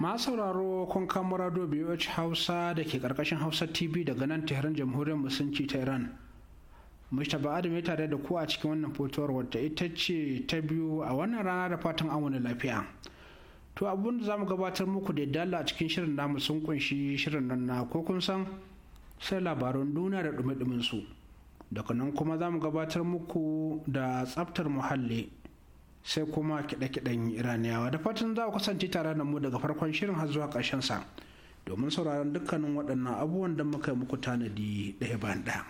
masu sauraro kun kan murado BOH Hausa da ke karkashin Hausa TV daga nan Tehran Jamhuriyar Musulunci ta Iran. Mustapha Adam ya tare da ku a cikin wannan fotowar wadda ita ce ta biyu a wannan rana da fatan an wani lafiya. To abun da za mu gabatar muku da dala a cikin shirin namu sun kunshi shirin nan na ko kun san sai labarun duniya da dumi-dumin su. Daga nan kuma za mu gabatar muku da tsaftar muhalli sai kuma kiɗe-kiɗen iraniyawa da fatan za ku kasance tare da mu daga farkon shirin har zuwa ƙarshen sa domin sauraron dukkanin waɗannan abubuwan da muka yi muku tanadi ɗaya bayan ɗaya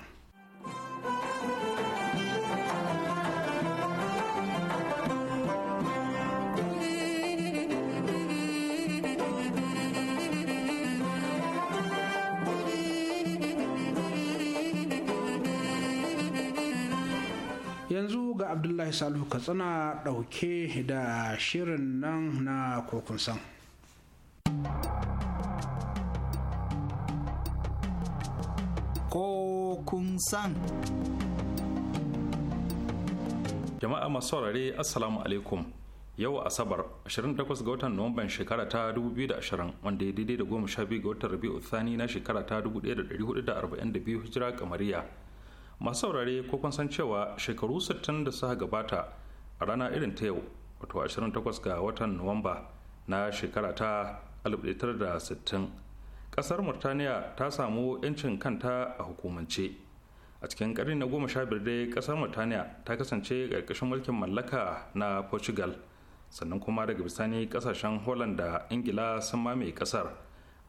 yanzu ga abdullahi salihu katsina ɗauke da shirin nan na kokunsan kokunsan jama'a masu saurare assalamu alaikum yau asabar 28 ga watan nuwamban shekara ta 2020 wanda ya daidai da 12 ga watan rabi'u thani na shekara ta 1442 hijira kamariya masu saurare ko kun san cewa shekaru 60 da suka gabata a rana irin ta yau wato 28 ga watan nuwamba na shekara ta 1960 kasar murtaniya ta samu 'yancin kanta a hukumance a cikin karni na goma sha biyar dai kasar murtaniya ta kasance ƙarƙashin mulkin mallaka na portugal sannan kuma daga bisani kasashen holland da ingila sun mamaye kasar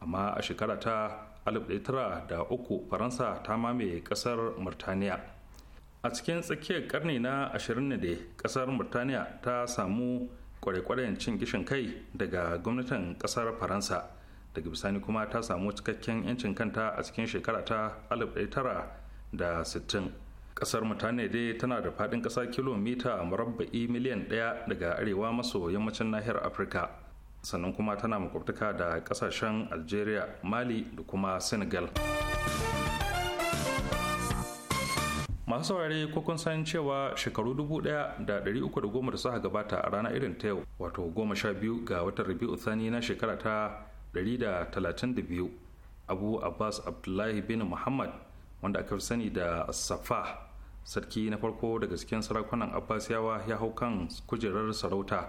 amma a shekara ta 1903 faransa ta mamaye kasar murtaniya a cikin tsakiyar karni na 20 da kasar murtaniya ta samu kwarekwaren cin gishin kai daga gwamnatin kasar faransa daga bisani kuma ta samu cikakken 'yancin kanta a cikin shekara ta 1960 kasar mutane dai tana da faɗin ƙasa kilomita murabba'i miliyan ɗaya daga arewa maso yammacin nahiyar afirka sannan kuma tana makwabtaka da kasashen algeria mali da kuma senegal masu saurare ko kun san cewa shekaru 1310 da suka gabata a ranar irin ta yau wato 12 ga watan rabi'u thani na shekara ta 132 abu abbas abdullahi bin muhammad wanda aka fi sani da safa sarki na farko daga cikin sarakunan abbasiyawa ya hau kan kujerar sarauta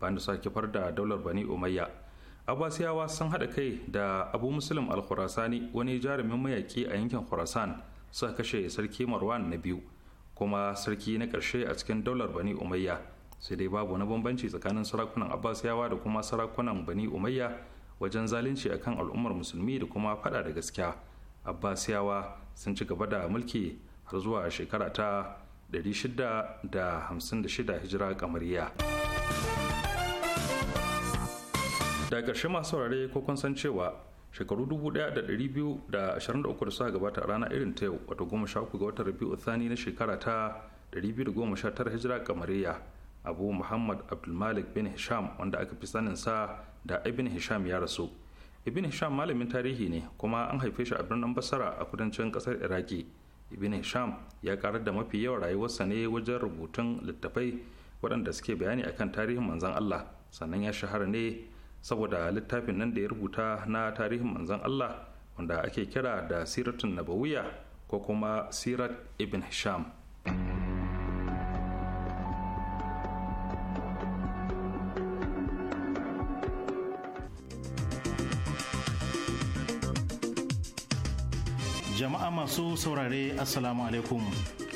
bayan da suka da daular bani umayya abbasiyawa sun haɗa kai da abu muslim al wani jarumin mayaki a yankin khurasan suka kashe sarki marwan na biyu kuma sarki na ƙarshe a cikin daular bani umayya sai dai babu wani bambanci tsakanin sarakunan abbasiyawa da kuma sarakunan bani umayya wajen zalunci akan al'ummar musulmi da kuma fada da gaskiya abbasiyawa sun ci gaba da mulki har zuwa shekara ta 656 hijira kamariya da ƙarshe masu saurare ko kun san cewa shekaru 1223 da suka gabata rana irin ta yau wato goma sha uku ga watan rabi'u thani na shekara ta 219 hijira kamariya abu muhammad abdulmalik bin hisham wanda aka fi sanin sa da ibn hisham ya rasu ibn hisham malamin tarihi ne kuma an haife shi a birnin basara a kudancin kasar iraki ibn hisham ya karar da mafi yawan rayuwarsa ne wajen rubutun littattafai waɗanda suke bayani akan tarihin manzon allah sannan ya shahara ne saboda littafin nan da ya rubuta na tarihin manzon Allah wanda ake kira da siratun nabawiya ko kuma sirat ibn hisham jama'a masu saurare assalamu alaikum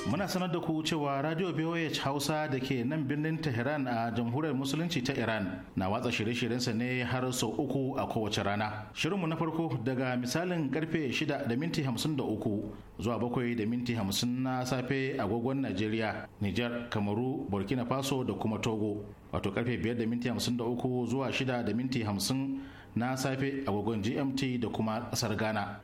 Muna sanar da ku cewa Radio BOH Hausa da ke nan birnin Tehran a Jamhuriyar Musulunci ta Iran na watsa shirye-shiryensa ne har sau uku a kowace rana. Shirinmu na farko daga misalin karfe 6 da minti 53 zuwa 7 da minti 50 na safe agogon Najeriya, Nijar, Kamaru, Burkina Faso da kuma Togo. Wato karfe 5 da minti 53 zuwa 6 da minti 50 na safe agogon GMT da kuma kasar Ghana.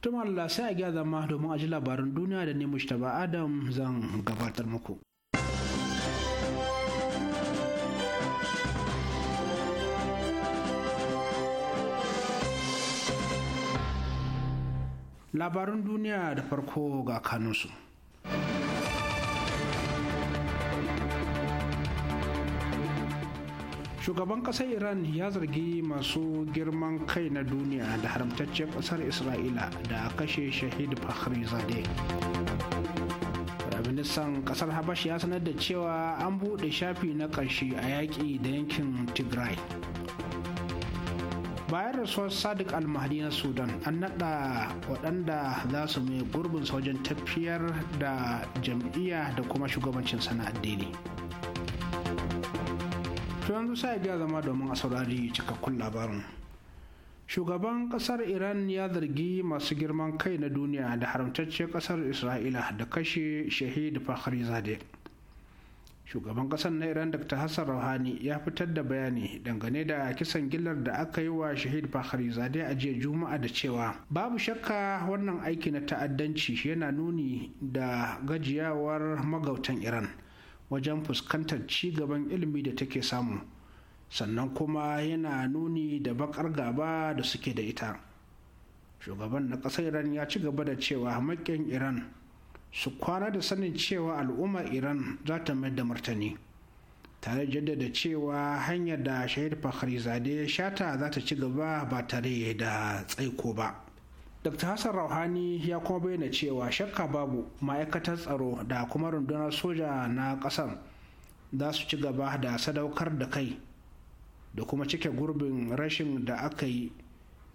tuma Allah sai a gya zama domin a ji labarin duniya da ne ba adam zan gabatar muku labarin duniya da farko ga kanunsu shugaban kasar iran ya zargi masu girman kai na duniya da haramtaccen kasar isra'ila da kashe shahid fahri zade ministan kasar habash ya sanar da cewa an buɗe shafi na ƙarshe a yaƙi da yankin tigray bayan rasuwar sadiq almahdi na sudan an naɗa waɗanda za su mai gurbin sojan tafiyar da jam'iyya da kuma shugabancin sana'ar daidai to yanzu sai biya zama domin a saurari cikakkun labarin shugaban kasar iran ya zargi masu girman kai na duniya da haramtaccen kasar isra'ila da kashe shahid fahri zade shugaban kasar na iran dr hassan rouhani ya fitar da bayani dangane da kisan gillar da aka yi wa shahid fakhri zade a jiya juma'a da cewa babu shakka wannan aiki na ta'addanci yana nuni da gajiyawar magautan iran wajen fuskantar cigaban ilimi da take samu sannan kuma yana nuni da bakar gaba da suke da ita shugaban na ƙasar iran ya ci gaba da cewa maƙin iran su kwana da sanin cewa al'ummar iran za ta mai da martani tare jaddada cewa hanyar da shahid fakhrizade shata za ta ci gaba ba tare da tsaiko ba. dr hassan rauhani ya kuma bayyana cewa shakka babu ma'aikatar tsaro da kuma rundunar soja na ƙasar za su ci gaba da sadaukar da kai da kuma cike gurbin rashin da aka yi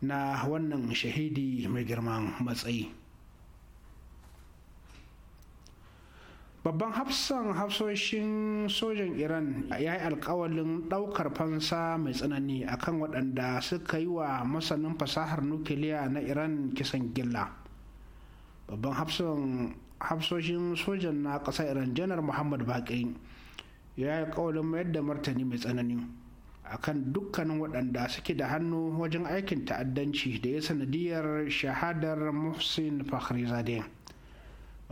na wannan shahidi mai girman matsayi babban hafsan hafsoshin sojan iran ya yi alkawalin daukar fansa mai tsanani akan waɗanda suka yi wa masanin fasahar nukiliya na iran kisan gilla babban hafsoshin sojan na ƙasa iran janar muhammad baƙi ya yi alkawalin mayar da martani mai tsanani akan dukkanin waɗanda suke da hannu wajen aikin ta'addanci da ya sanadiyar shahadar muhsin fakhrizadeh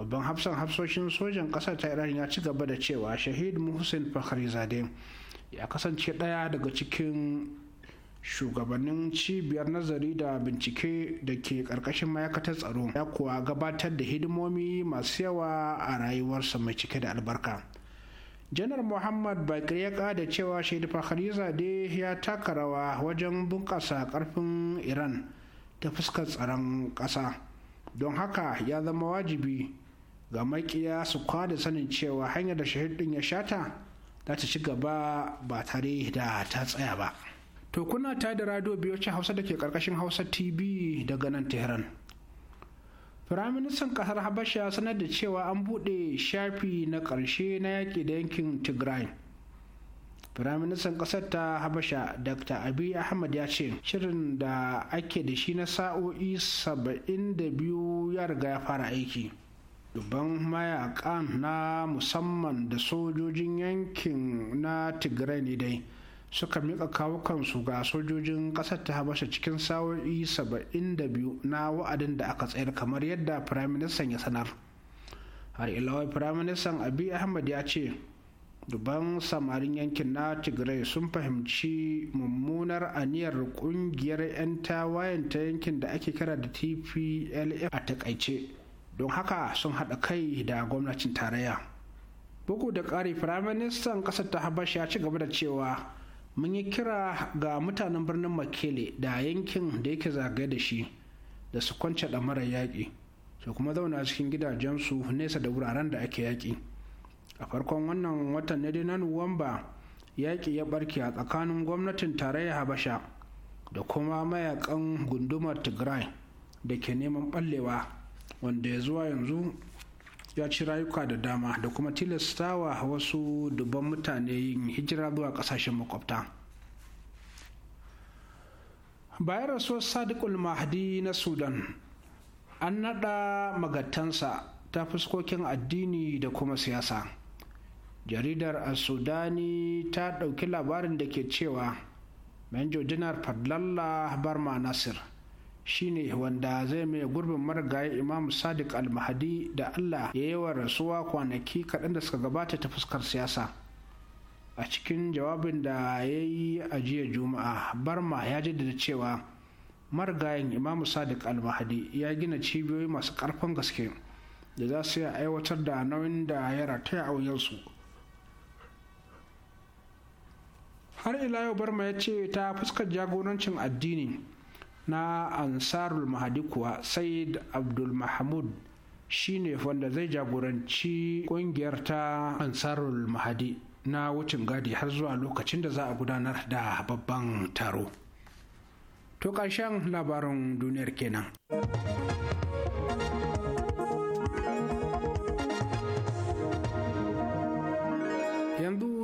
babban hafsan hafsoshin sojan ƙasar ta iran ya ci gaba da cewa shahid muhsin Fakhrizade ya kasance ɗaya daga cikin shugabannin cibiyar nazari da bincike da ke ƙarƙashin ma'aikatar tsaro ya kuwa gabatar da hidimomi masu yawa a rayuwarsa mai cike da albarka janar muhammad bakir ya kada cewa shaidu fakhrizadeh ya taka rawa wajen bunƙasa ƙarfin iran ta fuskar tsaron ƙasa don haka ya zama wajibi ga makiya su kwada sanin cewa hanyar da shahid din ya shata za ta ci gaba ba tare da ta tsaya ba to kuna ta da radio biyocin hausa da ke karkashin hausa tv daga nan tehran firaministan kasar habasha sanar da cewa an buɗe shafi na ƙarshe na yaƙi da yankin tigray firaministan ƙasar ta habasha dr abi ahmad ya ce shirin da ake da shi na sa'o'i 72 ya riga ya fara aiki dubban mayaƙa na musamman da sojojin yankin na tigray ne dai suka mika kawukansu ga sojojin ƙasar ta habasha cikin sa'o'i 72 na wa'adin da aka tsayar kamar yadda firaministan ya sanar har ilawai firaministan abi ahmad ya ce duban samarin yankin na tigray sun fahimci mummunar aniyar kungiyar 'yan tawayen ta yankin da ake kira da tplf a takaice don haka sun haɗa kai da gwamnatin tarayya bugu da ƙari firaministan ƙasar ta habasha ya ci gaba da cewa mun yi kira ga mutanen birnin makele da yankin da yake zagaye da shi da su kwance ɗamarar yaƙi su kuma zauna cikin gidajensu nesa da wuraren da ake yaƙi a farkon wannan watan na dai na nuwamba yaƙi ya ɓarke a tsakanin gwamnatin tarayya habasha da kuma mayakan gundumar tigray da ke neman ɓallewa wanda ya zuwa yanzu ya ci rayuka da dama da kuma tilastawa wasu dubban mutane yin hijira zuwa kasashen makwabta bayan rasuwar sadiqul mahdi na sudan an naɗa magatansa ta fuskokin addini da kuma siyasa jaridar a sudani ta ɗauki labarin da ke cewa manjo dinar fadlallah barma nasir shine wanda zai mai gurbin marigayi imam sadiq al-mahdi da allah ya yi wa rasuwa kwanaki kaɗan da suka gabata ta fuskar siyasa a cikin jawabin da ya yi a jiya juma'a barma ya jaddada cewa marigayin imam sadiq al-mahdi ya gina cibiyoyi masu ƙarfin gaske da za su aiwatar da nauyin da ya rataya a har ila yau barma ya ce ta fuskar jagorancin addini na ansarul mahadi kuwa said abdul mahmud ne wanda zai jagoranci kungiyar ta ansarul mahadi na wucin gadi har zuwa lokacin da za a gudanar da babban taro to ƙarshen labarin duniyar kenan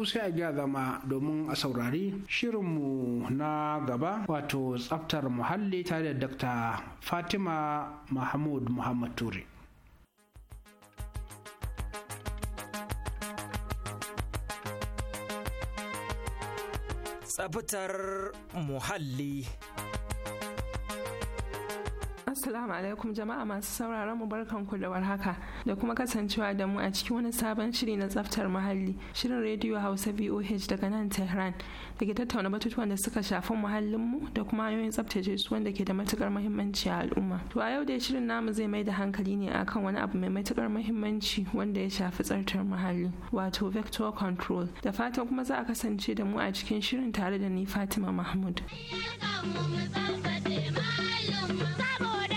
sai a gya zama domin a saurari shirinmu na gaba wato tsaftar muhalli tare da Dr. Fatima Mahmud Muhammad Ture. Tsaftar muhalli. Assalamu alaikum jama'a masu sauraron mu ku da warhaka da kuma kasancewa da mu a cikin wani sabon shiri na tsaftar muhalli shirin rediyo Hausa VOH daga nan Tehran da ke tattauna batutuwan da suka shafi muhallin mu da kuma hanyoyin tsaftace su wanda ke da matukar muhimmanci a al'umma. To a yau dai shirin namu zai mai da hankali ne akan wani abu mai matukar muhimmanci wanda ya shafi tsaftar muhalli wato vector control da fatan kuma za a kasance da mu a cikin shirin tare da ni Fatima Mahmud. saboda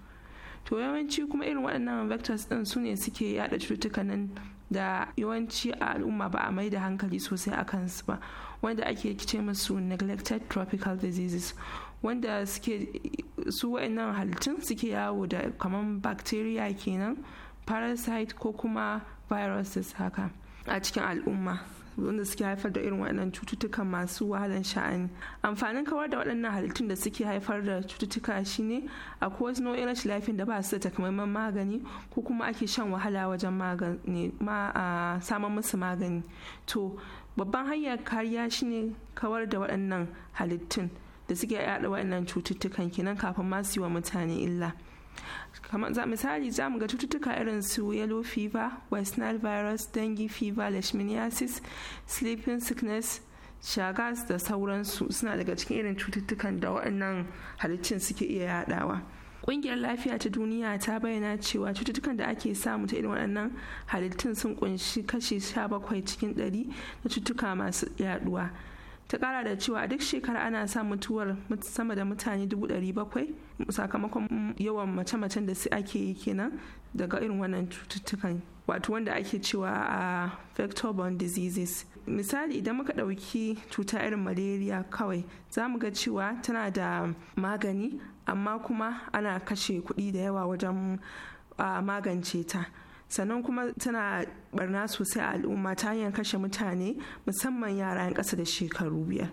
to yawanci kuma irin waɗannan vectors ɗin su ne suke yaɗa cututtukan nan da yawanci a al'umma ba a mai da hankali sosai a kansu ba wanda ake ce musu neglected tropical diseases wanda suke su waɗannan halittun suke yawo da kamar bacteria kenan parasite ko kuma viruses haka a cikin al'umma wanda suke haifar da irin waɗannan cututtukan masu wahalan sha'ani amfanin kawar da waɗannan halittun da suke haifar da cututtuka shine ko wasu nau'in rashin lafiyan da ba su da takamaiman magani ko kuma ake shan wahala wajen magani ma a samun musu magani to babban hanyar kariya shine kawar da waɗannan halittun da suke yaɗa waɗannan cututtukan kenan kafin ma su yi wa mutane illa kamar za misali za mu ga cututtuka irin su yellow fever west nile virus dengue fever leishmaniasis sleeping sickness shagas da sauransu suna daga cikin irin cututtukan da waɗannan halittun suke iya yadawa Ƙungiyar lafiya ta duniya ta bayyana cewa cututtukan da ake samu ta irin waɗannan halittun sun kunshi kashi 17 cikin 100 na cututtuka masu yaduwa ta kara da cewa duk shekara ana sa mutuwar sama da mutane 700 sakamakon yawan mace-macen da su ake yi kenan daga irin wannan cututtukan wato wanda ake cewa a vector borne diseases misali idan muka ɗauki cuta irin malaria kawai za mu ga cewa tana da magani amma kuma ana kashe kuɗi da yawa wajen magance ta sannan kuma tana barna sosai a al'umma ta hanyar kashe mutane musamman yara 'yan kasa da shekaru biyar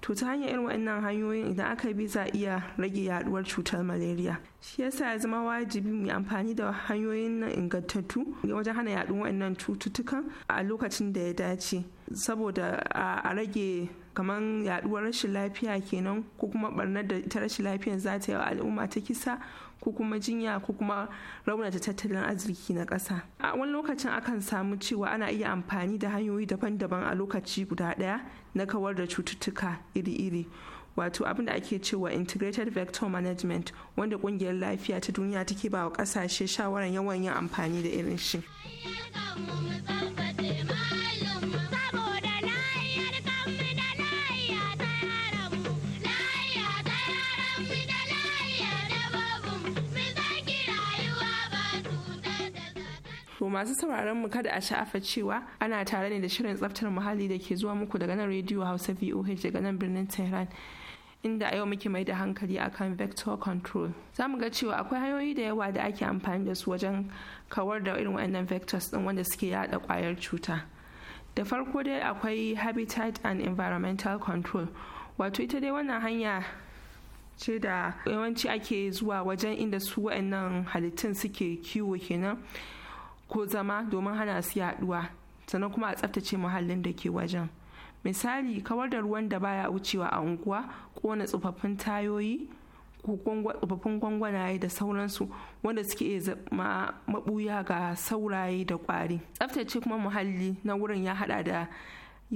to ta hanyar irin wannan hanyoyin idan aka bi za iya rage yaduwar cutar malaria shi yasa ya zama wajibi mu amfani da hanyoyin nan ingantattu wajen hana yaduwar wannan cututtukan a lokacin da ya dace saboda a rage kamar yaduwar rashin lafiya kenan ko kuma barnar da ta rashin lafiyar za ta yi wa al'umma ta kisa ko kuma jinya ko kuma raunata tattalin arziki na ƙasa a wani lokacin akan samu cewa ana iya amfani da hanyoyi daban-daban a lokaci guda ɗaya na kawar da cututtuka iri-iri wato abin da ake cewa integrated vector management wanda ƙungiyar lafiya ta duniya take ba wa ƙasashe shawarar yawan yin amfani da irin shi. To masu sauraron mu kada a sha'afa cewa ana tare ne da shirin tsaftar muhalli da ke zuwa muku daga nan rediyo Hausa VOH daga nan birnin Tehran. Inda a yau muke mai da hankali akan vector control. Za mu ga cewa akwai hanyoyi da yawa da ake amfani da su wajen kawar da irin waɗannan vectors ɗin wanda suke yada ƙwayar cuta. Da farko dai akwai habitat and environmental control. Wato ita dai wannan hanya ce da yawanci ake zuwa wajen inda su waɗannan halittun suke kiwo kenan. ko zama domin hana su yaduwa sannan kuma a tsaftace muhallin da ke wajen misali kawar da ruwan da baya wucewa a unguwa kona tsofaffin tayoyi ko tsofaffin gwangwanaye da sauransu wanda suke iya zama mabuya ga sauraye da kwari tsaftace kuma muhalli na wurin ya hada da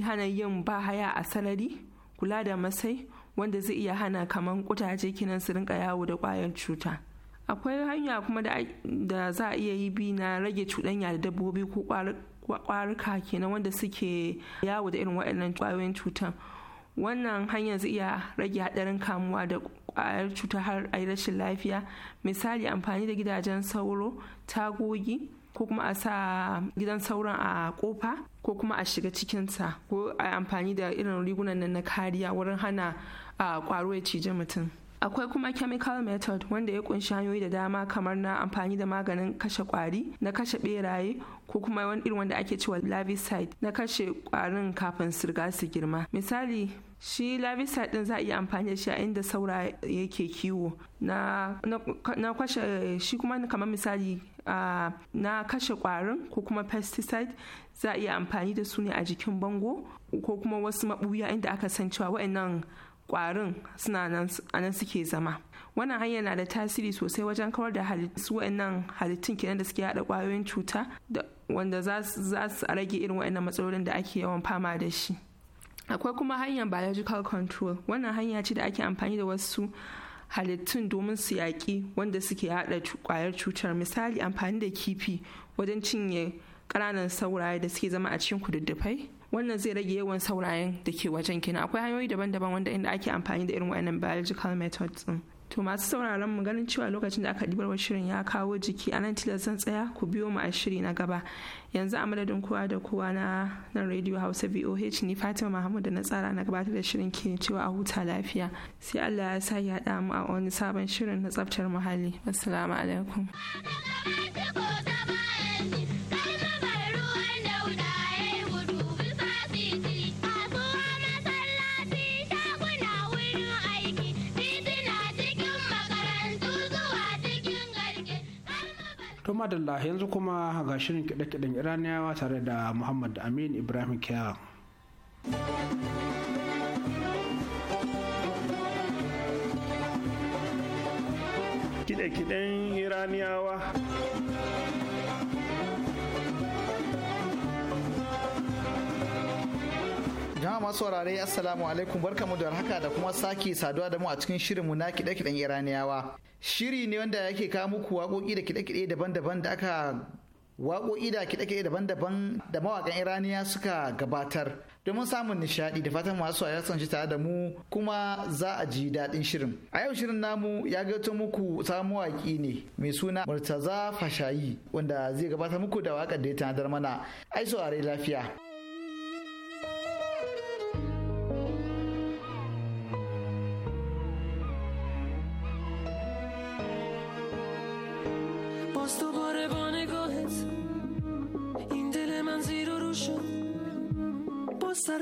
hana yin bahaya a salari kula da masai wanda zai iya hana kaman kutaje kinan su rinka yawo da kwayar cuta akwai hanya kuma da za a iya yi bi na rage cuɗanya da dabbobi ko kwaruka kenan wanda suke yawo da irin waɗannan ƙwayoyin cutan wannan hanyar zai iya rage haɗarin kamuwa da ƙwayar cuta har a rashin lafiya misali amfani da gidajen sauro tagogi ko kuma a sa gidan sauron a kofa ko kuma a shiga cikinsa ko a amfani da irin rigunan nan na kariya wurin hana ƙwaro ya cije mutum akwai kuma chemical method wanda ya kunshi hanyoyi da dama kamar na amfani da maganin kashe kwari na kashe beraye ko kuma wani irin wanda ake cewa larvicide na kashe kwarin kafin su riga su girma misali shi larvicide din za a iya amfani da shi a inda saura yake kiwo na, na, kashe shi kuma kamar misali na kashe kwarin ko kuma pesticide za a iya amfani da su ne a jikin bango ko kuma wasu mabuya inda aka san cewa waɗannan kwarin suna a nan suke zama wannan hanyar na da tasiri sosai wajen kawar da su wa'annan halittun kenan da suke hada kwayoyin cuta wanda za su rage irin wa'annan matsalolin da ake yawan fama da shi akwai kuma hanyar biological control wannan hanya ce da ake amfani da wasu halittun domin su yaƙi wanda suke hada kwayar cutar misali amfani da kifi wajen cinye ƙananan sauraye da suke zama a cikin kududdufai wannan zai rage yawan saurayen da ke wajen kina akwai hanyoyi daban-daban wanda inda ake amfani da irin waɗannan biological methods din to masu sauraron mu ganin cewa lokacin da aka wa shirin ya kawo jiki anan tilas zan tsaya ku biyo mu a shiri na gaba yanzu a madadin kowa da kowa na nan radio hausa voh ni fatima mahmud da na tsara na gabatar da shirin ke cewa a huta lafiya sai allah ya sa ya haɗa mu a wani sabon shirin na tsaftar muhalli assalamu alaikum to madalla yanzu kuma ga shirin kiɗe-kiɗen iraniyawa tare da muhammad amin ibrahim kiyawa kiɗe-kiɗen iraniyawa masu saurare assalamu alaikum barkamu da haka da kuma sake saduwa da mu a cikin shirinmu na kiɗe-kiɗen iraniyawa shiri ne wanda yake kawo muku waƙoƙi da kiɗe-kiɗe daban-daban da aka waƙoƙi da daban-daban da mawaƙan iraniya suka gabatar domin samun nishadi da fatan masu ya sanci tare da mu kuma za a ji daɗin shirin a yau shirin namu ya gato muku samu mawaƙi ne mai suna murtaza fashayi wanda zai gabatar muku da waƙar da ya tanadar mana ai saurare lafiya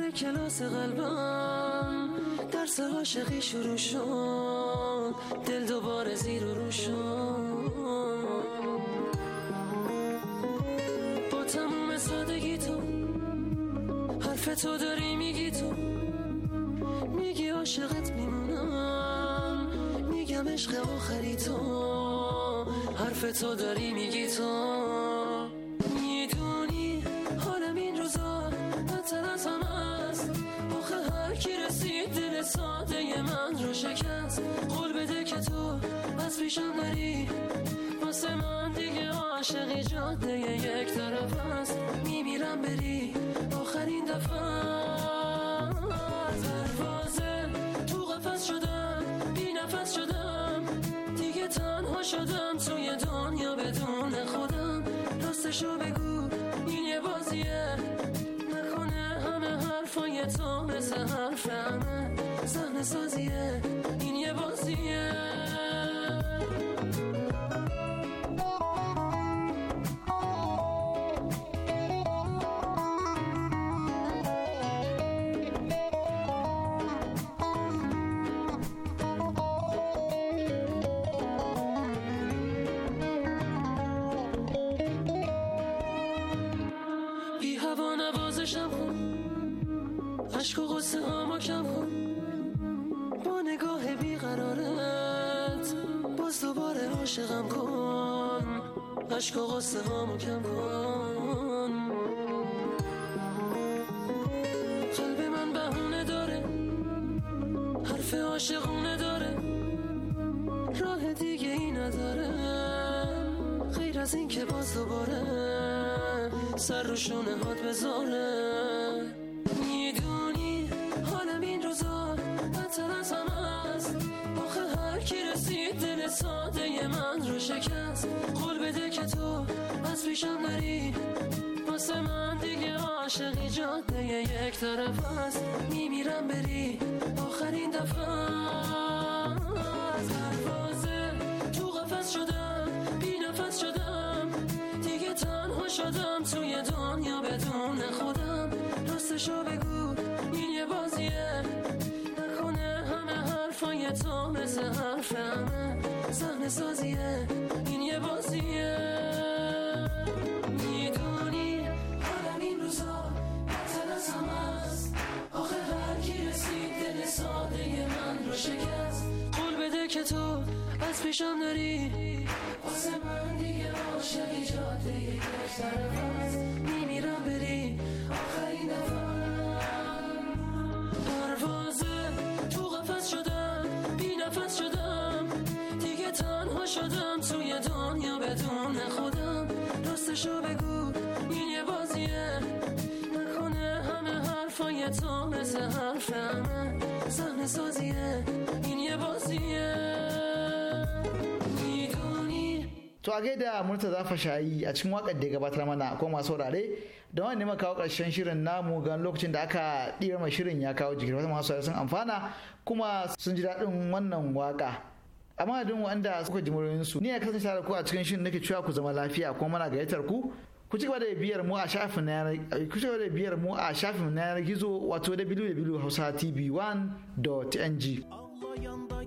سر کلاس قلبم درس عاشقی شروع شد دل دوباره زیر و رو با تموم سادگی تو حرف تو داری میگی تو میگی عاشقت میمونم میگم عشق آخری تو حرف تو داری میگی تو قول بده که تو از پیشم بری واسه من دیگه عاشقی جاده یک طرف هست میمیرم بری آخرین دفعه از تو قفص شدم بی نفس شدم دیگه تنها شدم توی دنیا بدون خودم راستشو بگو این یه بازیه نکنه همه حرفای تو مثل همه سحن سازیه این یه بازیه بی عشق و غصه هاما کم با نگاه بیقرارت باز دوباره عاشقم کن عشق و غصه هامو کم کن قلب من بهونه داره حرف عاشقونه داره راه دیگه ای نداره غیر از این که باز دوباره سر روشونه هات میمیرم بری آخرین دفعه از تو قفص شدم بی شدم دیگه تنها شدم توی دنیا بدون خودم راستشو بگو این یه بازیه نکنه همه حرفای تو مثل حرف همه سازیه این یه بازیه از پیشم داری واسه من دیگه عاشق جاده یک طرف هست میمیرم بری آخرین دفعه. پروازه تو قفص شدم بی نفس شدم دیگه تنها شدم توی دنیا بدون خودم راستشو بگو این یه بازیه نکنه همه حرفای تو مثل حرف همه سازیه این یه بازیه to a gaida zafa shayi a cikin wakar da ya gabatar mana ko masu saurare don wani nema kawo karshen shirin namu ga lokacin da aka ɗira mai shirin ya kawo jikin wata masu sun amfana kuma sun ji daɗin wannan waka amma duk wanda suka ji su ni a kasance tare ku a cikin shirin nake cewa ku zama lafiya kuma mana gayyatar ku ku da biyar mu a shafin ku ci gaba da biyar mu a shafin na yanar gizo wato www.hausa tv1.ng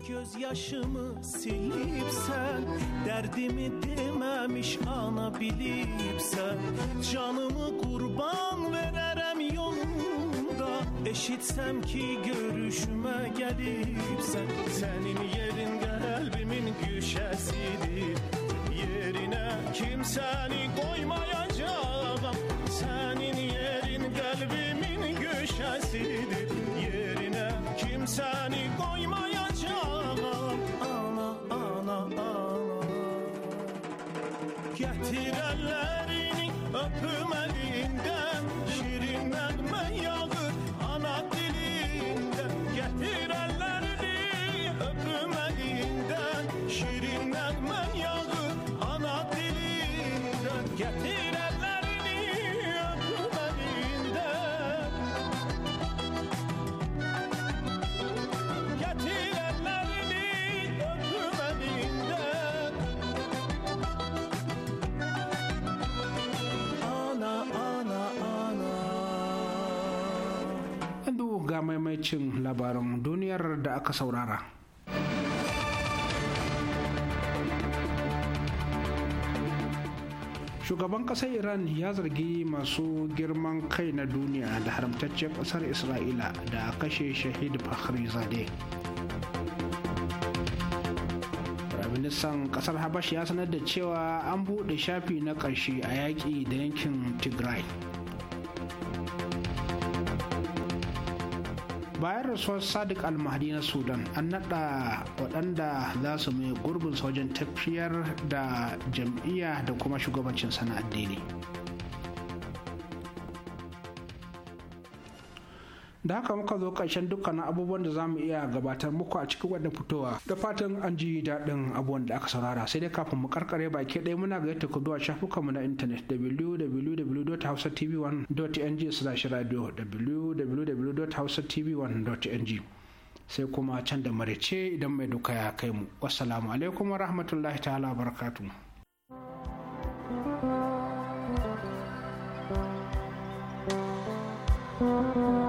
gözyaşımı silip sen Derdimi dememiş ana bilip sen Canımı kurban vererem yolunda Eşitsem ki görüşüme gelip sen Senin yerin kalbimin güşesidir Yerine kimseni koymayacağım Senin yerin kalbimin güşesidir Yerine kimseni Getir ellerini öpüm elinden Şirin elma takaicin labaran duniyar da aka saurara. Shugaban ƙasar Iran ya zargi masu girman kai na duniya da haramtacciyar ƙasar Isra'ila da kashe shahid Fakhri zade ministan kasar habash ya sanar da cewa an buɗe shafi na ƙarshe a yaƙi da yankin tigray bayan rasuwar sadiq almahdi na sudan an naɗa waɗanda za su mai gurbin wajen tafiyar da jam'iyya da kuma shugabancin sana'ar daidai da haka muka zo ƙarshen dukkanin abubuwan da zamu iya gabatar muku a cikin wadda fitowa da fatan an ji daɗin abubuwan da aka saurara sai dai kafin mu karkare baki ɗaya muna ga yadda ku zuwa shafukanmu na intanet www.hausatv1.ng slash radio www.hausatv1.ng sai kuma can da marece idan mai duka ya kai mu wassalamu alaikum wa rahmatullahi ta'ala barakatu thank you